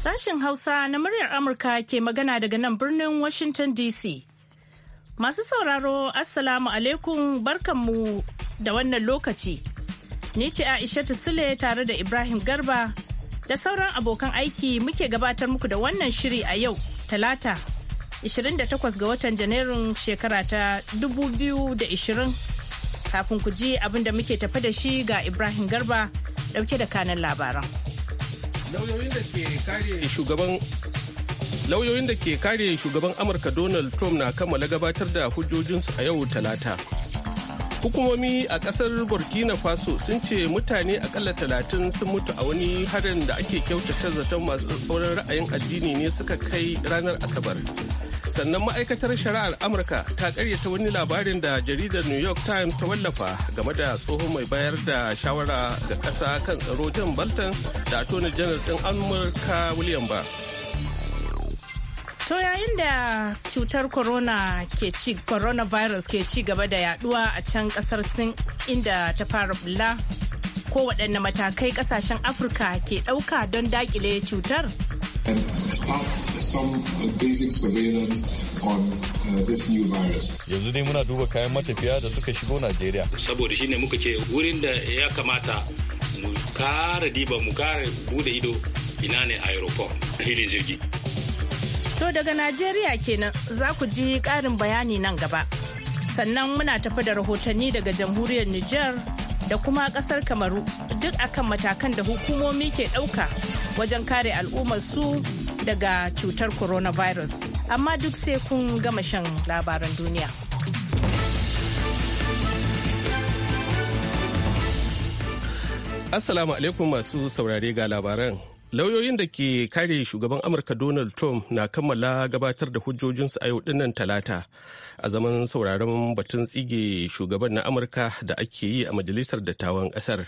Sashen Hausa na muryar Amurka ke magana daga nan birnin Washington DC. Masu sauraro, Assalamu alaikum barkanmu da wannan lokaci. Ni ce Aisha Sule tare da Ibrahim Garba da sauran abokan aiki muke gabatar muku da wannan shiri a yau, Talata, 28 ga watan Janairun shekara ta 2020. Kafin ku ji abin da muke tafi da shi ga Ibrahim Garba dauke da kanan labaran. lauyoyin da ke kare shugaban amurka donald trump na kammala gabatar da hujjojinsu a yau talata Hukumomi a kasar Burkina Faso sun ce mutane akalla talatin sun mutu a wani harin da ake kyautata zaton masu tsauran ra'ayin addini ne suka kai ranar Asabar. Sannan ma'aikatar shari'ar Amurka ta karyata wani labarin da jaridar New York Times ta wallafa game da tsohon mai bayar da shawara ga ƙasa kan tsaro Jan Bolton da Attorney Janar ɗin Amurka William Barr. To yayin da cutar corona ke ci coronavirus ke ci gaba da yaduwa a can kasar Sin inda ta fara bulla ko waɗanne matakai kasashen Afirka ke ɗauka don dakile cutar. Uh, Yanzu ne muna duba kayan matafiya da suka shigo Najeriya. Saboda shine muka ce wurin da ya kamata mu kara diba mu kara bude ido ina ne a a hilin jirgi. To daga Najeriya kenan za ku ji ƙarin bayani nan gaba. Sannan muna tafi da rahotanni daga jamhuriyar Nijar da kuma ƙasar Kamaru duk akan matakan da hukumomi ke ɗauka wajen kare al'ummar su daga cutar coronavirus. Amma duk sai kun gama shan labaran duniya. Assalamu alaikum masu saurare ga labaran. lauyoyin da ke kare shugaban amurka donald trump na kammala gabatar da hujjojinsu a yau dinnan talata a zaman sauraron batun tsige shugaban na amurka da ake yi a majalisar dattawan kasar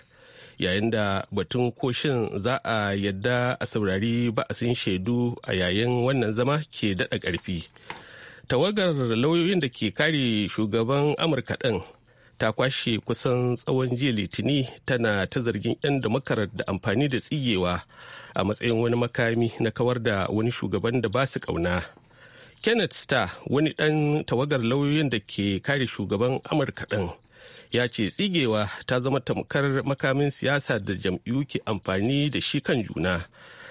yayin da batun koshin za a yadda a saurari ba'asin shaidu a yayin wannan zama ke daɗa ƙarfi tawagar lauyoyin da ke kare shugaban amurka ɗin ta kwashe kusan tsawon jiya litini tana ta zargin 'yan damakarar da amfani da tsigewa a matsayin wani makami na kawar da wani shugaban da ba su kauna kenneth star wani ɗan tawagar lauyoyin da ke kare shugaban amurka ɗin ya ce tsigewa ta zama tamkar makamin siyasa da jam'iyyu ke amfani da shi kan juna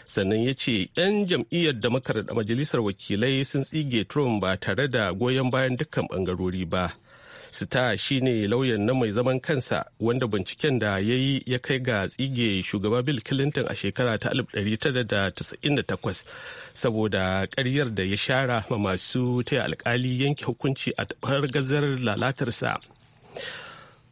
sannan ya ce 'yan jam'iyyar da majalisar wakilai sun tsige trump ba tare da goyon bayan dukkan bangarori ba. sita shine lauyan na mai zaman kansa wanda binciken da ya yi ya kai ga tsige shugaba bill clinton a shekara ta 1998 saboda karyar da ya shara ma masu taya alkali yanke hukunci a gazar lalatarsa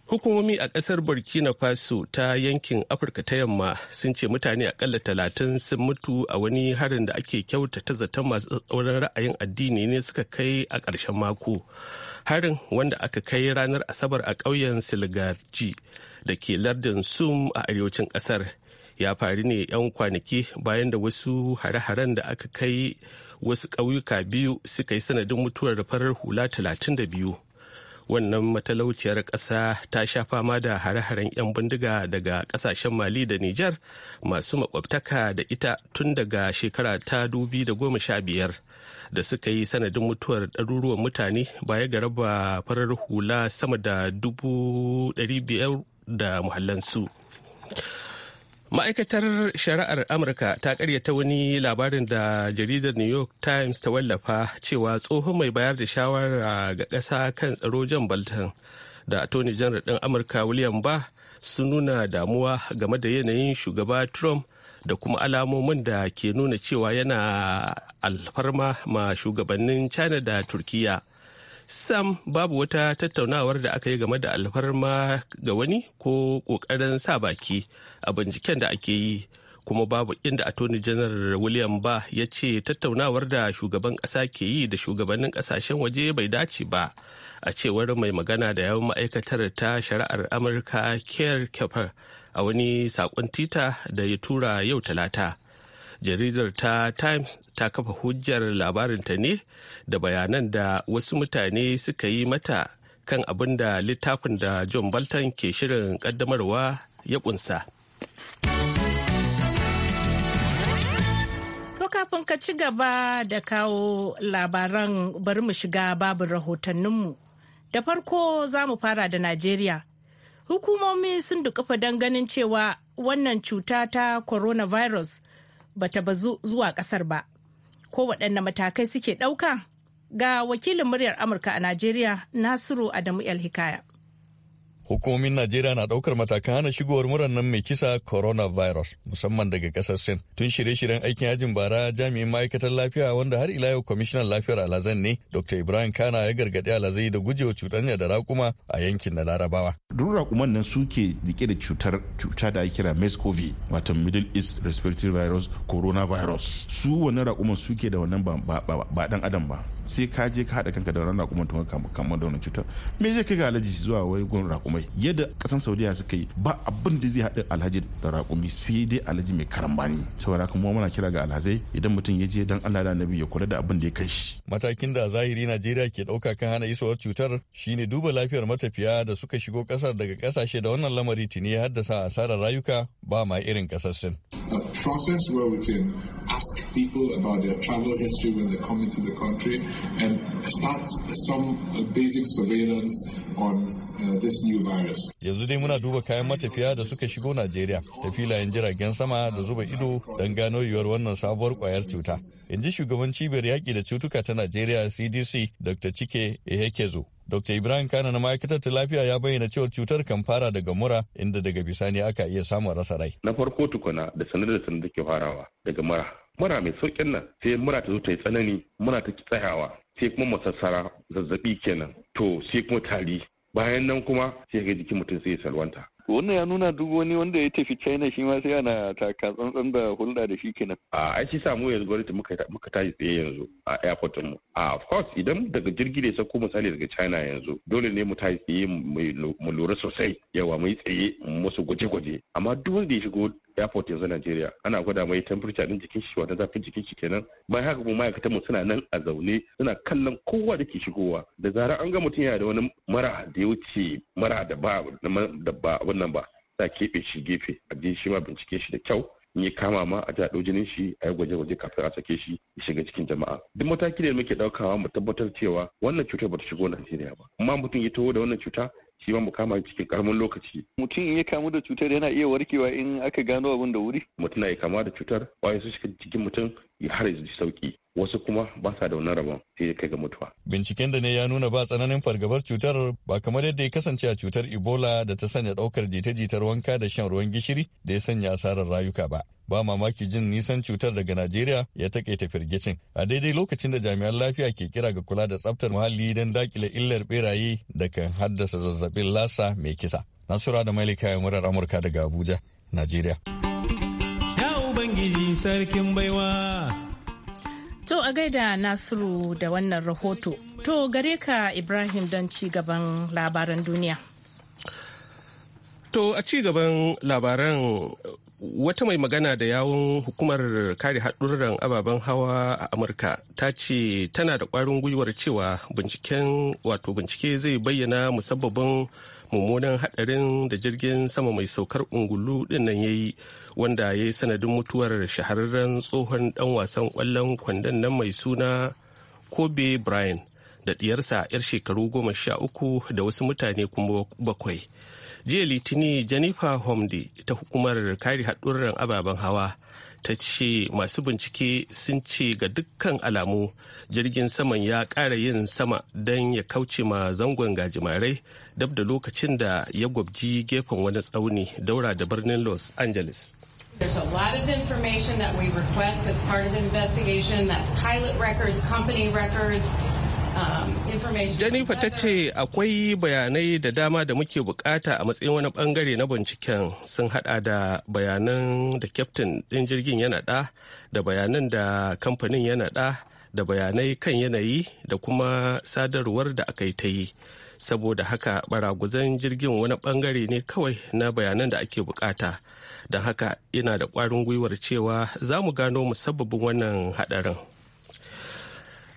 hukumomi a kasar burkina faso ta yankin afirka ta yamma sun ce mutane akalla talatin sun mutu a wani harin da ake kyautata zaton masu tsauran ra'ayin addini ne suka kai a ƙarshen mako harin wanda aka kai ranar asabar a ƙauyen silgarji da ke lardin sum a arewacin ƙasar ya faru ne 'yan kwanaki bayan da wasu hare-haren da aka kai wasu ƙauyuka biyu suka yi sanadin mutuwar farar hula 32 wannan matalauciyar ƙasa ta sha fama da hare-haren 'yan bindiga daga ƙasashen mali da nijar masu makwabtaka da ita tun daga shekara ta 2015 da suka yi sanadin mutuwar ɗaruruwan mutane baya ga raba farar hula sama da dubu biyar da muhallansu. ma'aikatar shari'ar amurka ta karyata wani labarin da jaridar new york times ta wallafa cewa tsohon mai bayar da shawara ga ƙasa kan tsaro jan baltan da attorney general ɗin amurka william ba su nuna damuwa game da yanayin shugaba trump da kuma alamomin da ke nuna cewa yana alfarma ma shugabannin china da turkiya sam babu wata tattaunawar da aka yi game da alfarma ga wani ko kokarin sa baki a binciken da ake yi kuma babu inda a attorney general william ba ya ce tattaunawar da shugaban kasa ke yi da shugabannin kasashen waje bai dace ba a cewar mai magana da yawan ma'aikatar ta shari'ar amurka care kepper a wani sakon tita da ya tura yau talata jaridar ta times ta kafa hujjar labarinta ne da bayanan da wasu mutane suka yi mata kan abin da littafin da john bolton ke shirin kaddamarwa ya kunsa kafin ka ci gaba da kawo labaran bari mu shiga babin rahotanninmu da farko za mu fara da najeriya hukumomi sun kafa don ganin cewa wannan cuta ta coronavirus bata bazu zuwa kasar ba ko waɗanne matakai suke ɗauka ga wakilin muryar amurka a najeriya nasiru adamu el hikaya hukumomin Najeriya na ɗaukar matakan hana shigowar murannan mai kisa coronavirus musamman daga kasar Sin. Tun shirye-shiryen aikin hajin bara jami'in ma'aikatar lafiya wanda har ila yau kwamishinan lafiyar alazan ne Dr. Ibrahim Kana ya gargaɗi alazai da gujewa cutanya da raƙuma a yankin na Larabawa. duk rakuman nan suke rike da cutar cuta da ake kira MERS-CoV wato Middle East Respiratory Virus coronavirus su wannan rakuman suke da wannan ba dan adam ba sai ka je ka hada kanka da wannan rakuman tun ka kama da wannan cutar me zai kai ga alhaji zuwa wai gun rakumai yadda kasan Saudiya suka yi ba abin da zai hada alhaji da rakumi sai dai alhaji mai karambani saboda kuma muna kira ga alhazai idan mutum ya je dan Allah da Annabi ya kula da abin da ya kai shi matakin da zahiri Najeriya ke dauka kan hana isowar cutar shine duba lafiyar matafiya da suka shigo kasar daga kasashe da wannan lamari tuni ya haddasa asarar rayuka ba ma irin kasar Sin. process where we can ask people about their travel history when they come into the country basic surveillance on uh, Yanzu dai muna duba kayan matafiya da suka shigo Najeriya da filayen jiragen sama da zuba ido don gano yiwuwar wannan sabuwar kwayar cuta. In ji shugaban cibiyar yaƙi da cutuka ta Najeriya CDC Dr. Chike Ehekezo. Dr. Ibrahim Kana na ma'aikatar ta lafiya ya bayyana cewa cutar kan fara daga mura inda daga bisani aka iya samun rasa rai. Na farko tukuna da sanar da sanar ke farawa daga mura. Mura mai saukin nan sai mura ta zo ta yi tsanani mura ta tsayawa sai kuma masassara zazzabi kenan to sai kuma tari bayan nan kuma sai ga jikin mutum sai ya salwanta wannan ya nuna duk wani wanda ya tafi china shi ma sai ana taka tsantsan da hulɗa da shi kenan a ai shi samu yanzu gwamnati muka tashi tsaye yanzu a airport mu a of course idan daga jirgi da ya sako misali daga china yanzu dole ne mu tashi tsaye mu lura sosai yawa mu yi tsaye musu gwaje-gwaje amma duk wanda ya shigo airport yanzu Najeriya ana gwada mai temperature din jikin shi wata zafin jikin shi kenan bayan haka kuma ma'aikatan mu suna nan a zaune suna kallon kowa da ke shigowa da zarar an ga mutum yana da wani mara da ya wuce mara da ba da ba wannan ba za keɓe shi gefe a je shi ma bincike shi da kyau in yi kama ma a jaɗo jinin shi a yi gwaje-gwaje kafin a sake shi ya shiga cikin jama'a duk mataki da muke ɗaukawa mu tabbatar cewa wannan cutar ba ta shigo Najeriya ba amma mutum ya taho da wannan cuta shi ma mu kama cikin karamin lokaci. Mutum in ya kamu da cutar yana iya warkewa in aka gano abin da wuri? Mutum na iya kama da cutar wayan su shiga jikin mutum ya har yanzu sauki wasu kuma ba sa da wannan rabon sai ya kai ga mutuwa. Binciken da ne ya nuna ba tsananin fargabar cutar ba kamar yadda ya kasance a cutar Ebola da ta sanya daukar jita-jitar wanka da shan ruwan gishiri da ya sanya asarar rayuka ba. Ba mamaki jin nisan cutar daga Najeriya ya takaita firgicin. A daidai lokacin da jami'an lafiya ke kira ga kula da tsaftar muhalli don dakile illar beraye da kan haddasa zazzabin lasa mai kisa. Nasura da Malika ya murar Amurka daga Abuja, Najeriya. sarkin baiwa. To a gaida Nasiru da wannan rahoto. To gare ka Ibrahim don ci gaban labaran duniya. To a ci gaban labaran wata mai magana da yawun hukumar kare haɗurran ababen hawa a amurka ta ce tana da ƙwarin gwiwar cewa binciken wato bincike zai bayyana musabbabin mummunan hadarin da jirgin sama mai saukar ungulu din nan ya yi wanda ya yi sanadin mutuwar shahararren tsohon dan wasan kwallon kwandon nan mai suna kobe brian da diyarsa 'yar shekaru goma sha uku da wasu mutane kuma bakwai jiya litini jennifer homde ta hukumar kare haɗurran ababen hawa ta ce masu bincike sun ce ga dukkan alamu jirgin saman ya ƙara yin sama don ya kauce ma zangon gajimare dab da lokacin da ya gwabji gefen wani tsauni daura da birnin los angeles There's a lot of information that we request as part of the investigation. That's pilot records, company records, Uh, jani ta ce akwai bayanai da dama da muke bukata a matsayin wani bangare na binciken sun hada da bayanan da kyaftin din jirgin ya da, da bayanan da kamfanin ya da, da bayanai kan yanayi da kuma sadarwar da aka yi ta yi. Saboda haka baraguzan jirgin wani bangare ne kawai na bayanan da ake bukata. Don haka yana da kwarin gwiwar cewa za mu gano musabbabin wannan hadarin.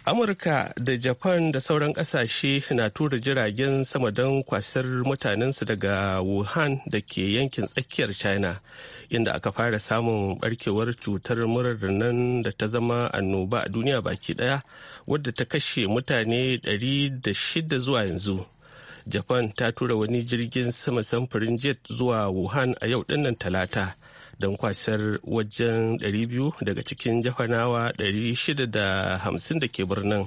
amurka da japan da sauran kasashe na tura jiragen sama don kwasar mutanensu daga wuhan da ke yankin tsakiyar china inda aka fara samun barkewar cutar murar nan da ta zama annoba a duniya baki ɗaya wadda ta kashe mutane 600 zuwa yanzu japan ta tura wani jirgin sama samfurin jet zuwa wuhan a yau dinnan talata don kwasar wajen 200 daga cikin jafanawa 650 da ke birnin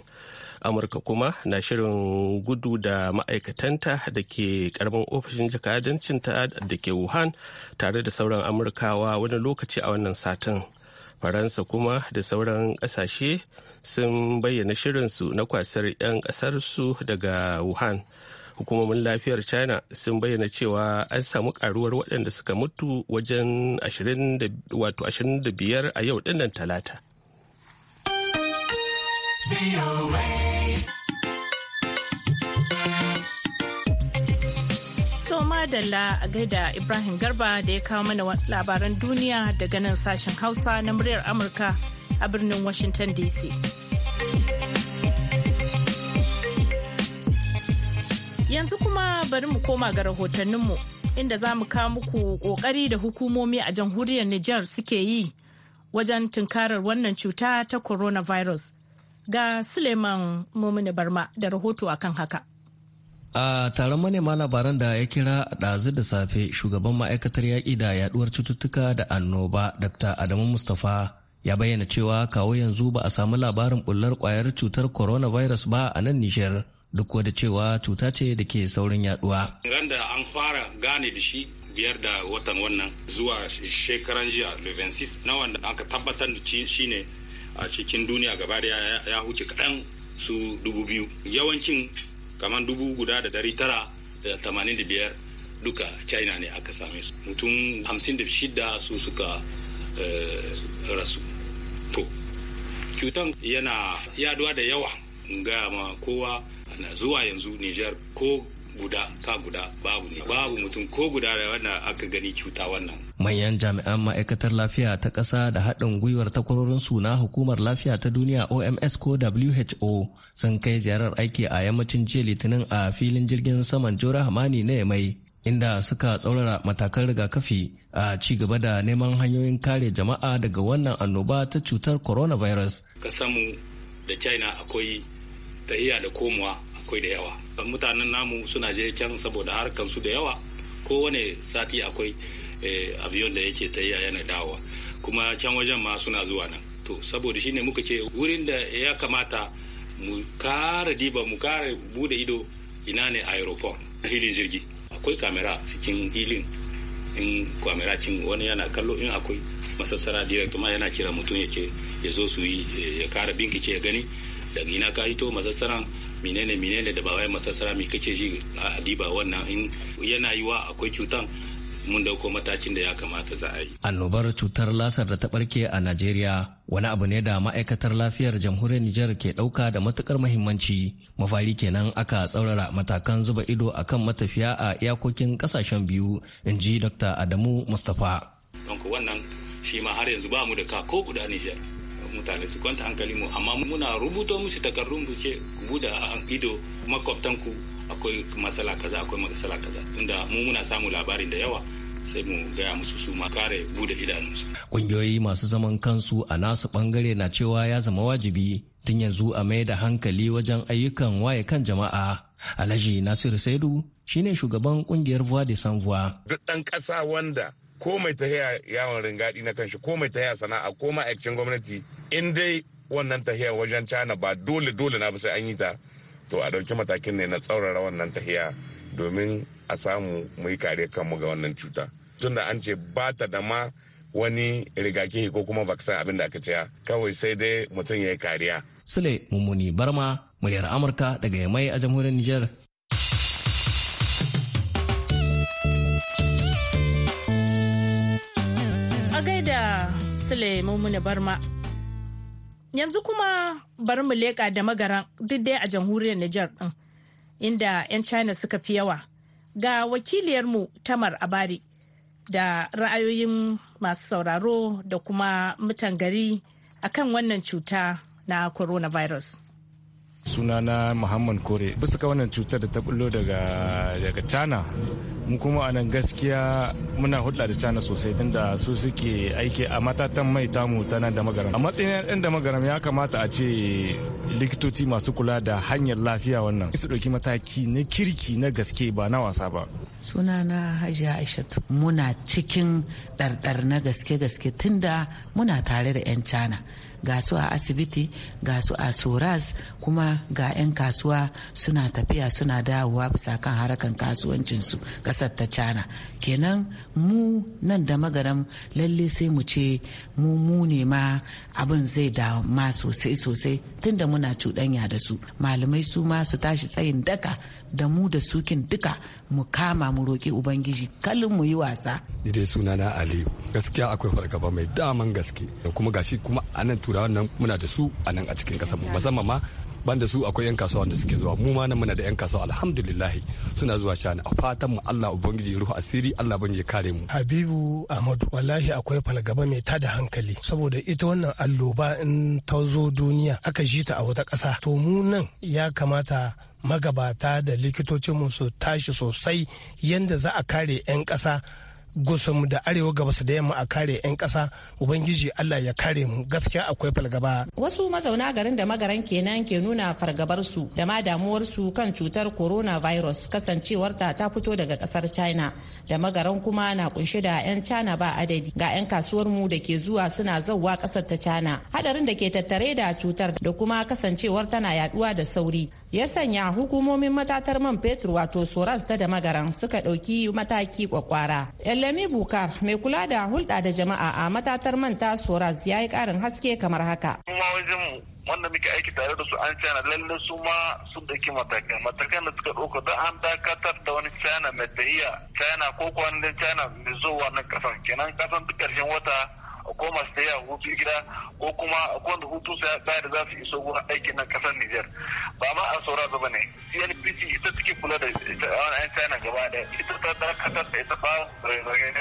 amurka kuma na shirin gudu da ma'aikatanta da ke karamin ofishin ta da ke wuhan tare da sauran amurkawa wani lokaci a wannan satin faransa kuma da sauran kasashe sun bayyana shirinsu na kwasar 'yan kasarsu daga wuhan hukumomin lafiyar china sun bayyana cewa an samu karuwar waɗanda suka mutu wajen 25 a yau dinnan talata To madalla a gaida Ibrahim Garba da ya kawo mana labaran duniya daga nan sashen Hausa na muryar Amurka a birnin Washington DC. Yanzu kuma bari mu koma ga rahotanninmu inda za mu kawo muku kokari da hukumomi a jamhuriyar Nijar suke yi wajen tunkarar wannan cuta ta coronavirus. Ga Suleiman Mumini Barma da rahoto akan haka. a taron manema labaran da ya kira ɗazu da safe shugaban ma'aikatar yaƙi da yaɗuwar cututtuka da annoba dr adamu mustapha ya bayyana cewa kawo yanzu ba a samu labarin bullar kwayar cutar coronavirus ba a nan nijar duk da cewa cuta ce da ke saurin yaduwa. Ran da an fara gane da shi biyar da watan wannan zuwa shekaran jiya levensis na wanda aka tabbatar da shi ne a cikin duniya gaba da ya huce kaɗan su dubu biyu yawancin kamar dubu guda da dari tara da tamanin da biyar duka china ne aka same su mutum hamsin da shida su suka eh, rasu to cutan yana yaduwa da yawa ga ma kowa zuwa yanzu Nijar ko guda ka guda babu ne babu mutum ko guda da wannan aka gani cuta wannan manyan jami'an ma'aikatar lafiya ta ƙasa da haɗin gwiwar takwarorin na hukumar lafiya ta duniya oms ko who sun kai ziyarar aiki a yammacin jiya litinin a filin jirgin saman jora hamani na mai, inda suka tsaurara matakan rigakafi a ci gaba da neman hanyoyin kare jama'a daga wannan annoba ta cutar coronavirus kasanmu da china akwai tahiya da komowa akwai da yawa mutanen namu suna je can saboda harkan su da yawa kowane sati akwai eh, aviyon da yake ta yana dawowa kuma can wajen ma suna zuwa nan to saboda shine muka ce wurin da ya kamata mu kara diba mu kara bude ido ina ne aeroport na hilin jirgi akwai kamera cikin hilin in kamera cin wani yana kallo in akwai masassara direct ma yana kira mutum ya ce ya zo su yi ya kara bincike ya gani daga ina ka hito masassaran menene menene da ba wai masassara kake ji a adiba wannan in yana yi wa akwai cutan mun dauko matakin da ya kamata za a yi. Annobar cutar lasar da ta barke a Najeriya wani abu ne da ma'aikatar lafiyar jamhuriyar Nijar ke dauka da matukar muhimmanci. Mafari kenan aka tsaurara matakan zuba ido akan matafiya a iyakokin kasashen biyu, in ji Dr. Adamu Mustapha. wannan shi ma har yanzu ba mu da ka ko guda Nijar. mutane su kwanta hankali mu amma muna rubuto musu takardun mu ce ku buɗe ido makwabtanku akwai masala kaza akwai masala kaza tunda mu muna samu labarin da yawa sai mu gaya musu su ma kare bude idanunsu. Kungiyoyi masu zaman kansu a nasu bangare na cewa ya zama wajibi tun yanzu a mai da hankali wajen ayyukan waye kan jama'a. Alhaji Nasiru Saidu shine shugaban kungiyar Voix de Sanvoix. Duk ɗan ƙasa wanda ko mai tahiya yawon ringadi na kanshi ko mai tahiya sana'a ko ma'aikacin gwamnati in dai wannan tahiya wajen cana ba dole dole na sai an yi ta to a ɗauki matakin ne na tsaurara wannan tahiya domin a samu mu yi kare kanmu ga wannan cuta tunda an ce ba ta da ma wani rigakihi ko kuma vaccine abin da aka ce kawai sai dai mutum ya yi kariya. Sule Mummuni Barma, muryar Amurka daga Yamai a jamhuriyar Nijar. da Sule muna Barma. Yanzu kuma bari mu leƙa da magaran duk dai a jamhuriyar Nijar ɗin, inda 'yan China suka fi yawa. Ga wakiliyarmu Tamar Abari da ra'ayoyin masu sauraro da kuma mutan gari a kan wannan cuta na coronavirus. suna na muhammad kore bisa ka wannan cutar da ta bullo daga daga china mu kuma a nan gaskiya muna hulɗa da china sosai da su suke aiki a matatan mai tamu ta nan da magaram a matsayin yan da magaram ya kamata a ce likitoci masu kula da hanyar lafiya wannan su ɗauki mataki na kirki na gaske ba na wasa ba suna sunana hajiya aishatu muna cikin ɗarɗar na gaske-gaske tunda muna tare da 'yan china ga su a asibiti ga su a soras kuma ga 'yan kasuwa suna tafiya suna dawowa bisa kan harakan kasuwancinsu kasar ta cana kenan mu nan da magaram lalle sai mu ce mu mu ne ma abin zai da ma sosai sosai tunda muna cuɗanya da su malamai su ma su tashi tsayin daka da mu da sukin duka mu kama mu roƙi ubangiji kallon mu yi wasa. Ni dai sunana Aliyu gaskiya akwai fargaba mai daman gaske kuma gashi kuma anan tura turawan nan muna da su a nan a cikin kasar mu musamman ma ban da su akwai yan kasuwa da suke zuwa mu ma nan muna da yan kasuwa alhamdulillah suna zuwa shani a fatan mu Allah ubangiji ruhu asiri Allah ban ya kare mu Habibu Ahmadu wallahi akwai falgaba mai tada hankali saboda ita wannan alloba in ta zo duniya aka ji ta a wata kasa to mu nan ya kamata magabata da likitocinmu su tashi sosai yadda za a kare 'yan ƙasa gusum da arewa gabas da yamma a kare 'yan ƙasa ubangiji allah ya kare mu gaskiya akwai fargaba wasu mazauna garin da magaran kenan ke nuna fargabarsu da ma damuwarsu kan cutar corona virus kasancewarta ta fito daga ƙasar china da magaran kuma na kunshe da 'yan china ba adadi ga 'yan kasuwar mu da ke zuwa suna zauwa ƙasar ta china hadarin da ke tattare da cutar da kuma kasancewar tana yaduwa da sauri ya sanya hukumomin matatar man fetur wato soras ta da magaran suka ɗauki mataki kwakwara. Lami Bukar mai kula da hulɗa da jama'a a matatar man ta soras ya yi ƙarin haske kamar haka. wanda muke aiki tare da su an cana lalle su ma sun ɗauki matakan matakan da suka ɗauka don an dakatar da wani china mai tahiya china ko kwanan china mai zuwa na kasan kenan kasan duk ƙarshen wata koma su ya hutu gida ko kuma wanda hutu su ya da za su iso wurin aiki nan kasar Nijar ba ma a saura ba ne CNPC ita take kula da ita wani yan China gaba da ita ta dakatar da ita ba na yan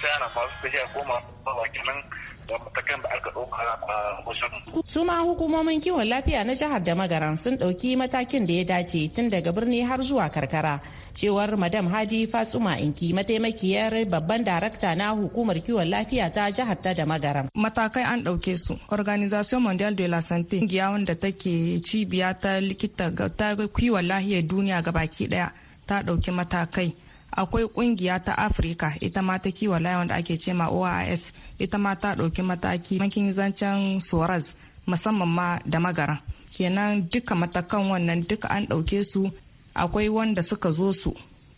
China masu tafiya koma ba kenan da matakan da aka ɗauka a wajen. su ma hukumomin kiwon lafiya na jihar da magaran sun ɗauki matakin da ya dace tun daga birni har zuwa karkara cewar madam hadi fatsuma inki mataimakiyar babban darakta na hukumar kiwon lafiya ta jihar ta da magaran. matakai an ɗauke su organisation mondial de la santé ƙungiya wanda take cibiya ta likita ta kiwon lahiyar duniya ga baki ɗaya ta ɗauki matakai akwai kungiya ta afirka ita ma ta kiwa layan da ake ma oas ita ma ta ɗauki mataki makin zancen soras musamman ma da magara kenan duka matakan wannan duka an ɗauke su akwai wanda suka zo su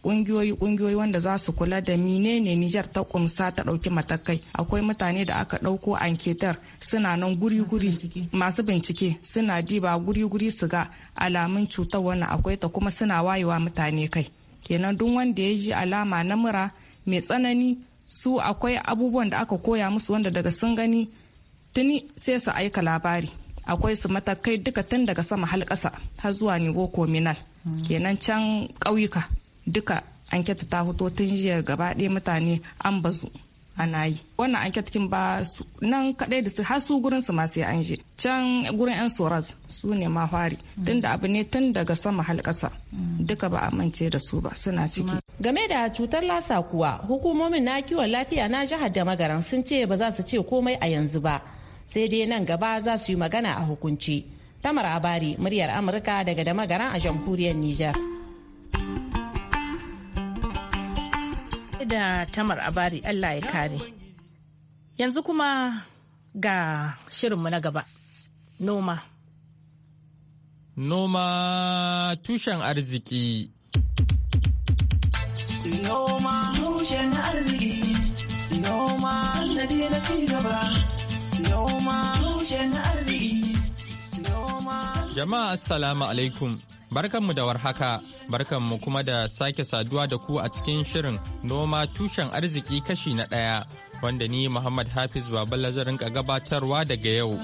kungiyoyi kungiyoyi wanda za su kula da menene Nijar ta kumsa ta ɗauki matakai akwai mutane da aka ɗauko anketar suna nan guri-guri masu bincike suna diba guri-guri su ga alamun cutar wannan akwai ta kuma suna wayewa mutane kai kenan duk wanda ya ji alama na mura mai tsanani su akwai abubuwan da aka koya musu wanda daga sun gani tuni sai su aika labari akwai su matakai duka tun daga sama har ƙasa har zuwa nivo kominal kenan can ƙauyuka duka an ta fito tun jiya gaba ɗaya mutane an bazu ana yi wannan an kin ba nan kadai da su har su gurin su masu an je can gurin yan soras su ne ma fari da abu ne tun daga sama halkasa duka ba mance da su ba suna ciki game da cutar lasa kuwa hukumomin na kiwon lafiya na jihar da magaran sun ce ba za su ce komai a yanzu ba sai dai nan gaba za su yi magana a hukunci tamar abari muryar amurka daga da magaran a jamhuriyar niger Da Tamar Abari Allah ya kare. Yanzu kuma ga shirinmu na gaba. Noma. Noma tushen arziki. Noma tushen arziki. Noma sannadi na ci gaba. Noma tushen arziki. Noma. Jama'a Assalamu alaikum. Barkanmu da warhaka, barkanmu kuma da sake saduwa da ku a cikin shirin noma tushen arziki kashi na ɗaya wanda ni Muhammad Hafiz Babal zan gabatarwa daga yau.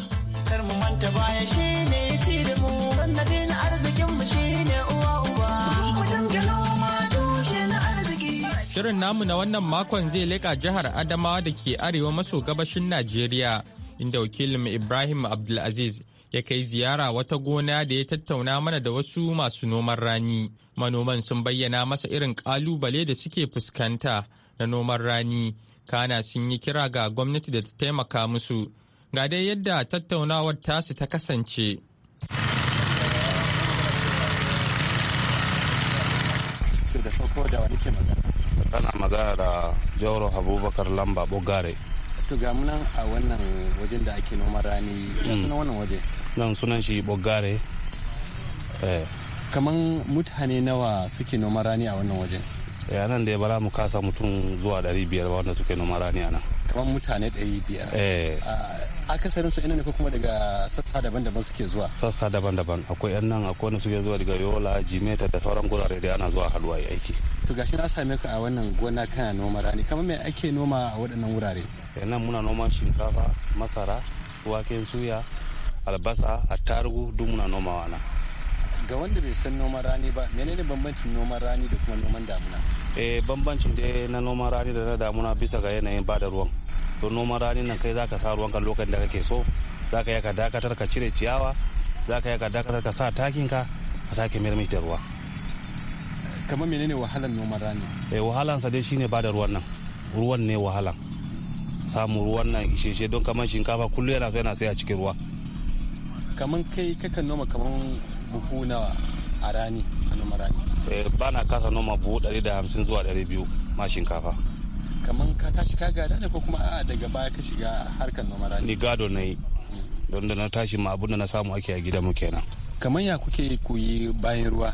Shirin namu na wannan makon zai leƙa jihar Adamawa da ke arewa maso gabashin Najeriya, inda wakilin Ibrahim Abdulaziz ya kai ziyara wata gona da ya tattauna mana da wasu masu noman rani. Manoman sun bayyana masa irin ƙalubale da suke fuskanta na noman rani. Kana sun yi kira ga gwamnati da ta taimaka musu. Ga dai yadda tattaunawar tasu ta kasance. Kana magana da Jauro Abubakar Lamba Bogare. to ga munan a wannan wajen da ake noma rani ya hmm. wannan waje nan sunan shi bogare eh. kaman mutane nawa suke noma rani a wannan wajen ya nan da ya bara mu kasa mutum zuwa 500 ba wanda suke noma rani a nan kaman mutane 500 eh akasarin su ina ne ko kuma daga sassa daban-daban suke zuwa sassa daban-daban akwai yan nan akwai wanda suke zuwa daga yola jimeta da sauran gurare da ana zuwa haduwa aiki to gashi na same ka a wannan gona kana noma rani kamar me ake noma a waɗannan wurare eh, nan muna noma shinkafa masara waken suya albasa attarugu duk muna nomawa nan ga wanda bai san noman rani ba menene bambancin noman rani da kuma noman damuna eh bambancin da na noman rani da na damuna bisa ga yanayin bada ruwan don noman rani nan kai zaka sa ruwan ka lokacin da kake so zaka yaka dakatar ka cire ciyawa zaka yaka dakatar ka sa takin ka ka sake mirmi da ruwa kamar menene wahalan noman rani eh wahalan sa dai shine bada ruwan nan ruwan ne wahalan samu ruwan nan isheshe don kamar shinkafa kullu yana yana sai a cikin ruwa kamar kai kakan noma kamar buhu nawa a rani a noma rani eh ba na kasa noma buhu 150 zuwa 200 ma shinkafa kamar ka tashi ka gada ne ko kuma a'a daga baya ka shiga harkar noma rani ni gado ne don da na tashi ma abunda da na samu ake a gida mu kenan kamar ya kuke koyi bayan ruwa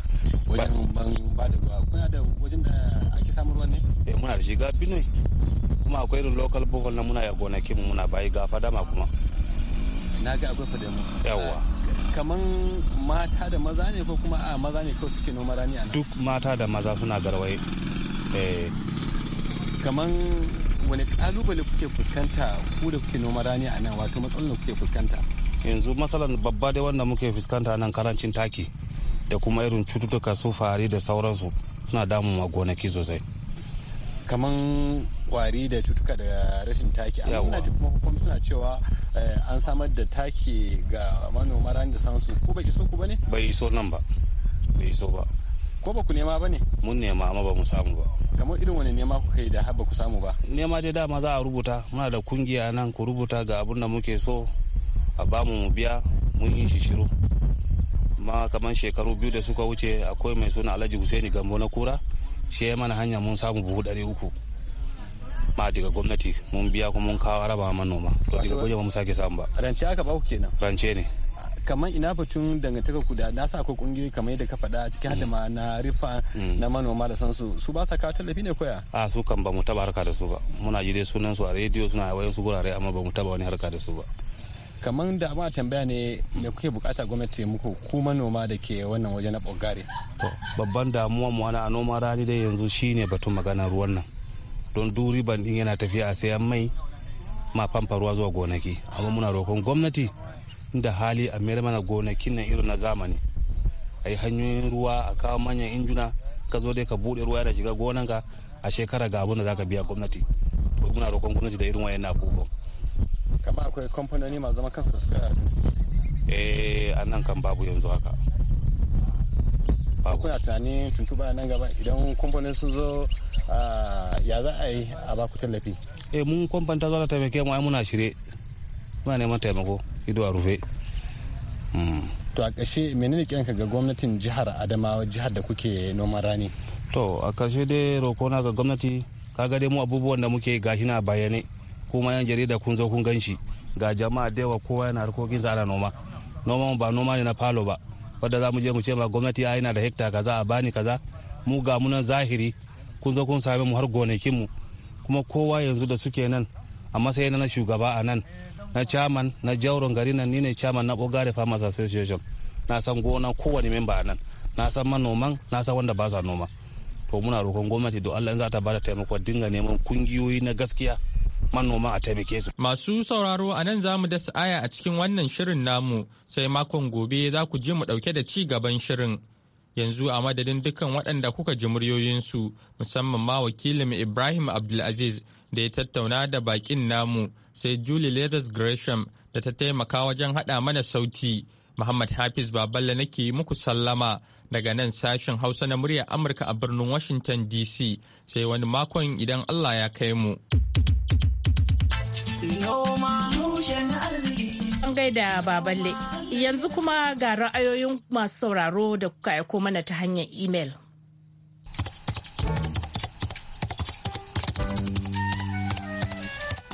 wajen ban ba da ruwa kuna da wajen da ake samun ruwa ne eh muna da shiga bine kuma akwai irin local bowl na muna ya gonakin mu muna bayi ga fadama kuma na ga akwai fadama yawa kaman mata da maza ne ko kuma a maza ne kawai suke noma rani a duk mata da maza suna garwaye eh kaman wani kalubale kuke fuskanta ku da kuke noma rani a nan wato matsalar kuke fuskanta yanzu matsalar babba dai wanda muke fuskanta nan karancin taki da kuma irin cututtuka su fari da sauransu suna damun gonaki sosai kaman kwari da cutuka da rashin taki a muna kuma hukum suna cewa eh, an samar da taki ga manoma ran da su ko bai so ku bane bai iso nan ba bai iso ba ko ba ku nema bane mun nema amma ba mu samu ba kamar irin wani nema ku kai da har ba ku samu ba nema dai dama za a rubuta muna da kungiya nan ku rubuta ga abin da muke so a bamu mu biya mun yi shi shiru amma kamar shekaru biyu da suka wuce akwai mai suna alhaji husaini gambo na kura shi ya mana hanya mun samu buhu ɗari uku ma daga gwamnati mun biya kuma mun kawo raba manoma to daga gwaje ba mu sake samu ba rance aka ba ku kenan rance ne kamar ina batun dangantaka ku da na sa akwai kungiyoyi kamar yadda ka faɗa a cikin hada ma mm. na rifa mm. na manoma da sansu su ba sa kawo tallafi ne koya a su kan ba mu taba harka da su ba muna ji dai sunan su a rediyo suna a wayan su gurare amma ba mu taba wani harka da su ba kamar da ma tambaya ne me kuke bukata gwamnati muku ku manoma da ke wannan waje na bogare to babban damuwa mu ana noma rani da yanzu shine batun magana ruwan nan don duri ban din yana tafiya a sayan mai ma famfa ruwa zuwa gonaki amma muna roƙon gwamnati da hali a mayar mana gonakin nan irin na zamani a hanyoyin ruwa a kawo manyan injuna ka zo dai ka buɗe ruwa yana shiga gonanka a shekara ga abin da zaka biya gwamnati muna roƙon gwamnati da irin wayan abubuwan kamar akwai kamfanoni masu zama kansu da suka eh a nan kan babu yanzu haka kuna tuntu tuntuɓa nan gaba idan kamfanin sun zo ya za a yi a baku tallafi eh mun kwamfan ta zo taimake mu ai muna shirye muna neman taimako ido a rufe hmm. to a ƙashe menene kiranka ga gwamnatin jihar adamawa jihar da kuke noman rani to a ƙarshe dai roko na ga gwamnati ka dai mu abubuwan da muke gashi na bayane kuma yan jarida kun zo kun gan shi ga jama'a da yawa kowa yana harkokin sa ana noma noma ba noma ne na falo ba wadda za mu je mu ce ma gwamnati ya yana da hekta kaza a bani kaza mu ga munan zahiri kun zo kun same mu har gonakin mu kuma kowa yanzu da suke nan a matsayin na shugaba a nan na chairman na jauron gari nan ni ne chairman na bogare farmers association na san gona kowane memba a nan na san manoman na san wanda ba sa noma to muna roƙon gwamnati don allah in za ta ba bada taimako dinga neman kungiyoyi na gaskiya manoma a taimake su. Masu sauraro a nan za mu dasa aya a cikin wannan shirin namu sai makon gobe za ku je mu ɗauke da ci gaban shirin. Yanzu a madadin dukkan waɗanda kuka ji muryoyinsu musamman ma wakilin Ibrahim Abdulaziz da ya tattauna da baƙin namu sai Julie Leathers Gresham da ta taimaka wajen haɗa mana sauti. Muhammad Hafiz Baballe nake muku sallama. daga nan sashen Hausa na muryar Amurka a birnin Washington DC sai wani makon idan Allah ya kai mu. gaida baballe, yanzu kuma ga ra'ayoyin masu sauraro da kuka aiko mana ta hanyar imel.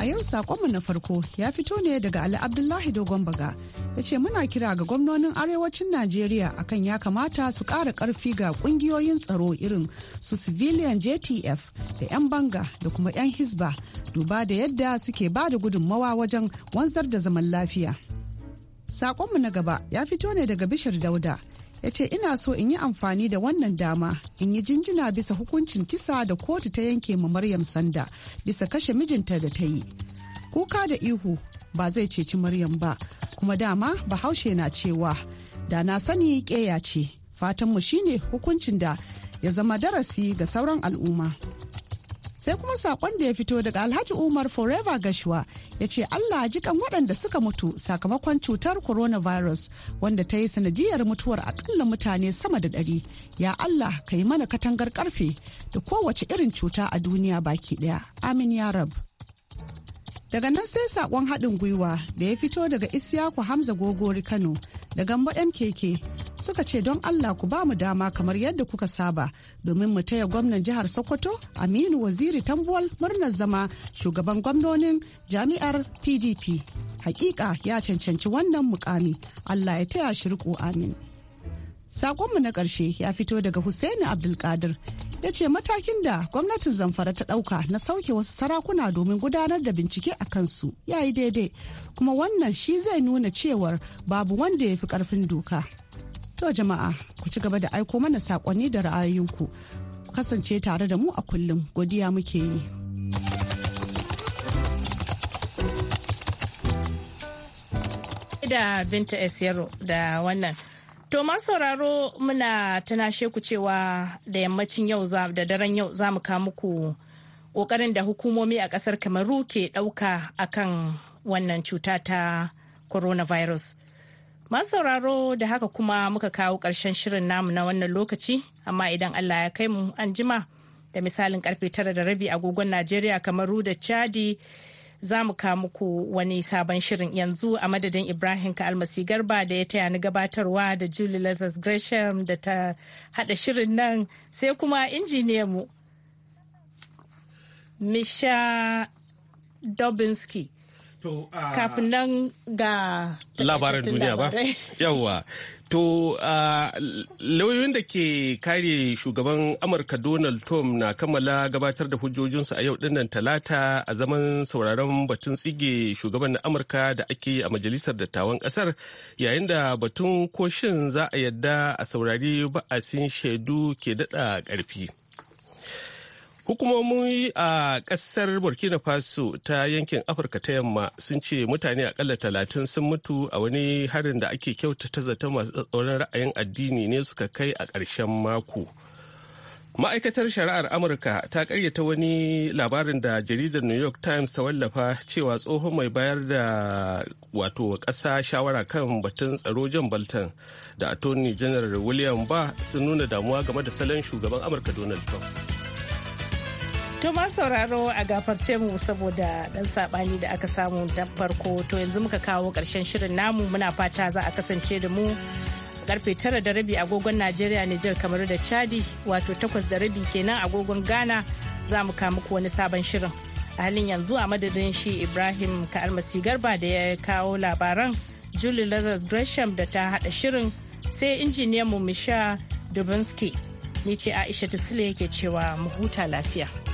yau sakonmu na farko ya fito ne daga Ali Abdullahi Dogon Baga. Ya ce muna kira ga gwamnonin arewacin Najeriya akan ya kamata su ƙara ƙarfi ga ƙungiyoyin tsaro irin su civilian JTF da 'yan banga da kuma 'yan hisba duba da yadda suke ba da gudunmawa wajen wanzar da zaman lafiya. saƙonmu na gaba ya fito ne daga bishar Dauda ya ce ina so in yi amfani da wannan dama in yi jinjina bisa hukuncin kisa da kotu ta yanke ma maryam sanda bisa kashe mijinta da ta yi kuka da ihu ba zai ceci maryam ba kuma dama bahaushe na cewa da na sani keya ce fatanmu shine hukuncin da ya zama darasi ga sauran al'umma sai kuma sakon da ya fito daga alhaji umar forever gashuwa ya ce allah jikan waɗanda suka mutu sakamakon cutar coronavirus wanda ta yi sanadiyar mutuwar akalla mutane sama da ɗari ya allah ka yi mana katangar karfe da kowace irin cuta a duniya baki ɗaya amin ya rab Daga nan sai saƙon haɗin gwiwa da ya fito daga Isiyaku Hamza Gogori Kano da Gambo MKK suka ce don Allah ku ba mu dama kamar yadda kuka saba domin mu taya gwamnan jihar Sokoto Aminu Waziri Tambuwal murnar zama shugaban gwamnonin jami'ar PDP. Hakika ya cancanci wannan mukami Allah ya taya shi riko amin. Sakonmu na ƙarshe ya fito daga Hussaini Abdulkadir ya ce matakin da gwamnatin zamfara ta ɗauka na sauke wasu sarakuna domin gudanar da bincike a kansu ya yi daidai kuma wannan shi zai nuna cewar babu wanda ya fi ƙarfin doka. To jama'a ku ci gaba da aiko mana saƙonni da ra'ayoyinku ku kasance tare da mu a kullum godiya muke yi. Da Binta S. da wannan To sauraro muna tunashe ku cewa da yammacin yau da daren yau za mu kawo muku kokarin da hukumomi a kasar kamaru ke dauka akan wannan cuta ta coronavirus. Masu sauraro da haka kuma muka kawo ƙarshen shirin namu na wannan lokaci, amma idan Allah ya kai mu an jima da misalin karfe tara da rabi agogon Najeriya kamaru da Chadi za mu ka muku wani sabon shirin yanzu a madadin Ibrahim Kalmasi Garba da ya taya ni gabatarwa da Julie Lathas Gresham da ta hada shirin nan sai kuma injiniya mu Misha Dobinski. Ah, Kafin nan ga labarin duniya ba. Yawwa. To lauyoyin da ke kare shugaban Amurka Donald Trump na kammala gabatar da hujjojinsu a yau dinnan talata a zaman sauraron batun tsige shugaban na Amurka da ake a majalisar dattawan kasar yayin da batun koshin za a yadda a saurari ba'asin shaidu ke daɗa ƙarfi. Hukumomi a ƙasar Burkina Faso ta yankin Afirka ta yamma sun ce mutane akalla talatin sun mutu a wani harin da ake kyautata zaton masu tsatsauran ra'ayin addini ne suka kai a ƙarshen mako. Ma'aikatar shari'ar Amurka ta ƙaryata wani labarin da jaridar New York Times ta wallafa cewa tsohon mai bayar da wato ƙasa shawara kan batun tsaro John Bolton da Attorney General William Barr sun nuna damuwa game da salon shugaban Amurka Donald Trump. To ma sauraro a gafarce mu saboda dan sabani da aka samu da farko to yanzu muka kawo karshen shirin namu muna fata za a kasance da mu karfe tara da rabi agogon Najeriya Nijar kamar da Chadi wato takwas da rabi kenan agogon Ghana za mu kawo muku wani sabon shirin. A halin yanzu a madadin shi Ibrahim ka almasi Garba da ya kawo labaran Julie Lazarus Gresham da ta hada shirin sai injiniyan mu Misha Dubinsky. Ni ce Aisha Tisle yake cewa mu huta lafiya.